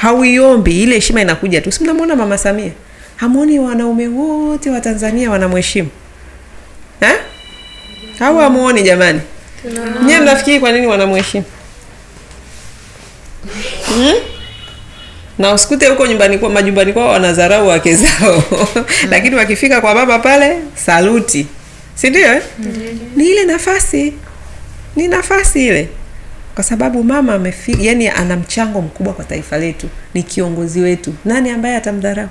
hauiombi ile heshima inakuja tu. Si mnamwona mama Samia, hamwoni wanaume wote wa Tanzania wanamheshimu eh? Au hamwoni jamani? Nyie mnafikiri kwa nini wanamheshimu hmm? na usikute huko nyumbani kwa majumbani kwao wanadharau wake zao lakini wakifika kwa baba pale saluti, si ndio eh? Ni ile nafasi, ni nafasi ile kwa sababu mama amefika, yani ana mchango mkubwa kwa taifa letu, ni kiongozi wetu. Nani ambaye atamdharau?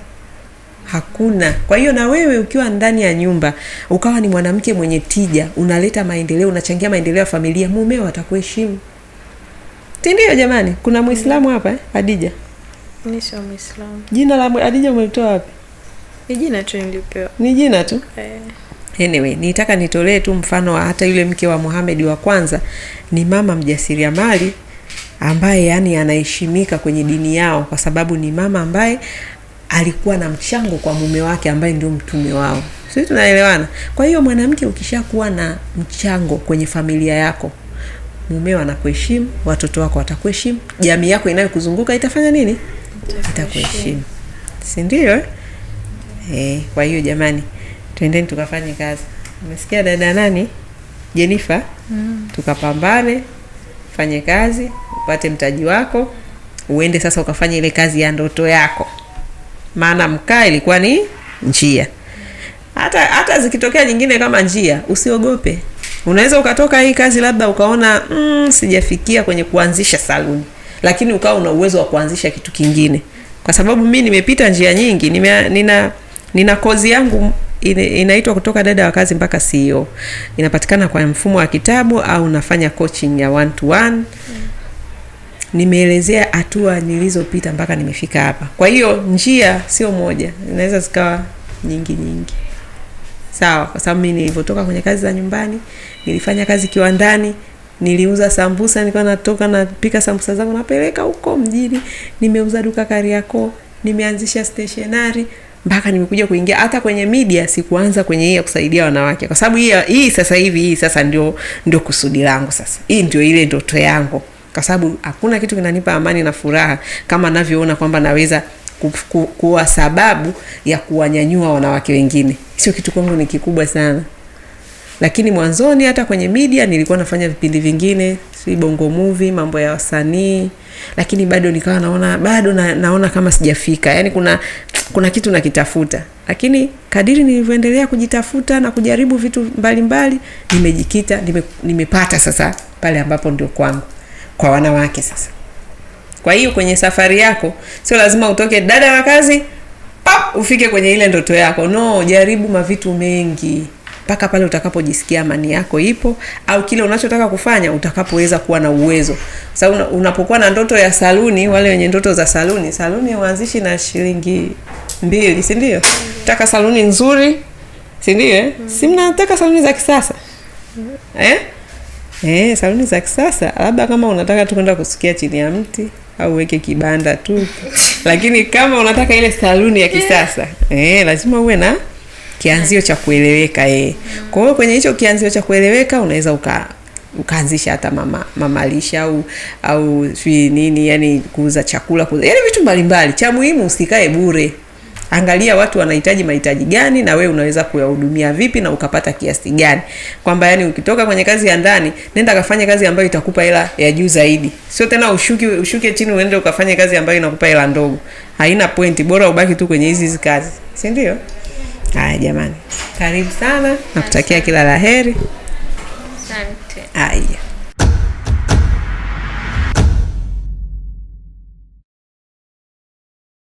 Hakuna. Kwa hiyo na wewe ukiwa ndani ya nyumba ukawa ni mwanamke mwenye tija, unaleta maendeleo, unachangia maendeleo ya familia, mumeo atakuheshimu. Tindio jamani, kuna Muislamu mm. hapa eh? Adija sio Muislamu. Jina la Adija umelitoa wapi? Ni jina tu nilipewa. Ni jina tu? Eh. Anyway, nitaka nitolee tu mfano wa hata yule mke wa Mohamed wa kwanza ni mama mjasiria mali ambaye yani anaheshimika kwenye dini yao kwa sababu ni mama ambaye alikuwa na mchango kwa mume wake ambaye ndio mtume wao. Sisi tunaelewana. Kwa hiyo mwanamke, ukishakuwa na mchango kwenye familia yako, mumeo anakuheshimu, watoto wako watakuheshimu, jamii yako inayokuzunguka itafanya nini? Itakuheshimu, si ndio? Eh? eh, kwa hiyo jamani twendeni tukafanye kazi. Umesikia dada nani? Jenifa, mm. tukapambane, fanye kazi, upate mtaji wako, uende sasa ukafanye ile kazi ya ndoto yako. Maana mkaa ilikuwa ni njia. Hata hata zikitokea nyingine kama njia, usiogope. Unaweza ukatoka hii kazi labda ukaona mm, sijafikia kwenye kuanzisha saluni, lakini ukawa una uwezo wa kuanzisha kitu kingine, kwa sababu mi nimepita njia nyingi, nime, nina nina kozi yangu inaitwa kutoka dada wa kazi mpaka CEO. Inapatikana kwa mfumo wa kitabu au nafanya coaching ya one to one. Nimeelezea hatua nilizopita mpaka nimefika hapa. Kwa hiyo njia sio moja, inaweza zikawa nyingi nyingi. Sawa, kwa sababu mimi nilivyotoka kwenye kazi za nyumbani, nilifanya kazi kiwandani, niliuza sambusa, nilikuwa natoka napika sambusa zangu napeleka huko mjini, nimeuza duka Kariakoo, nimeanzisha stationery mpaka nimekuja kuingia hata kwenye media, sikuanza kwenye hii ya kusaidia wanawake, kwa sababu hii hii sasa hivi hii sasa ndio ndio kusudi langu sasa, hii ndio ile ndoto yangu, kwa sababu hakuna kitu kinanipa amani na furaha kama navyoona kwamba naweza kuwa sababu ya kuwanyanyua wanawake wengine. Sio kitu kwangu ni kikubwa sana, lakini mwanzoni, hata kwenye media nilikuwa nafanya vipindi vingine, si bongo movie, mambo ya wasanii, lakini bado nikawa naona bado na, naona kama sijafika. Yani kuna kuna kitu nakitafuta, lakini kadiri nilivyoendelea kujitafuta na kujaribu vitu mbalimbali, nimejikita nime, nimepata sasa pale ambapo ndio kwangu kwa wanawake sasa. Kwa hiyo kwenye safari yako sio lazima utoke dada wa kazi pap, ufike kwenye ile ndoto yako. No, jaribu mavitu mengi mpaka pale utakapojisikia amani yako ipo au kile unachotaka kufanya utakapoweza kuwa na uwezo. sababu so, unapokuwa na ndoto ya saluni, wale wenye ndoto za saluni, saluni huanzishi na shilingi mbili, si ndio? Nataka saluni nzuri, si ndio? Eh? Mm. Si mnataka saluni za kisasa mm. eh? Eh, saluni za kisasa labda kama unataka tu kwenda kusikia chini ya mti au weke kibanda tu, lakini kama unataka ile saluni ya kisasa eh, lazima uwe na kianzio cha kueleweka e. Kwa hiyo kwenye hicho kianzio cha kueleweka unaweza uka ukaanzisha hata mama mamalisha au au si nini, yani kuuza chakula, kuuza yani vitu mbalimbali. Cha muhimu usikae bure, angalia watu wanahitaji mahitaji gani na we unaweza kuyahudumia vipi na ukapata kiasi gani, kwamba yani ukitoka kwenye kazi ya ndani, nenda kafanye kazi ambayo itakupa hela ya juu zaidi, sio tena ushuki ushuke chini uende ukafanye kazi ambayo inakupa hela ndogo. Haina pointi, bora ubaki tu kwenye hizi hizi kazi, si ndio? Haya jamani, karibu sana, nakutakia kila la heri. Asante. Haya.